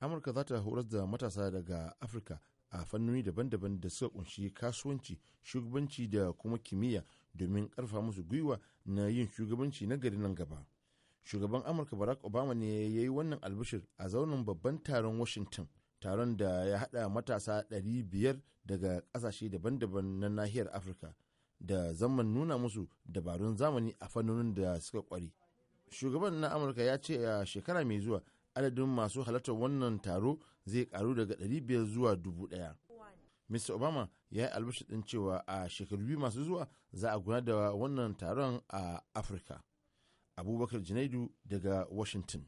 amurka za ta horar da matasa daga afirka a fannoni daban-daban da suka kunshi kasuwanci shugabanci da kuma kimiyya domin karfa musu gwiwa na yin shugabanci na gari nan gaba shugaban amurka barack obama ne ya yi wannan albishir a zaunin babban taron washington taron da ya hada matasa 500 daga kasashe daban-daban na nahiyar afirka da zaman nuna musu dabarun zamani a fannonin da suka kwari shugaban na amurka ya ce a shekara mai zuwa adadin masu halartar wannan taro zai karu daga 500 zuwa 1000 mr obama ya yi albashi din cewa a shekaru biyu masu zuwa za a gudanar da wannan taron a afirka abubakar janaidu daga washington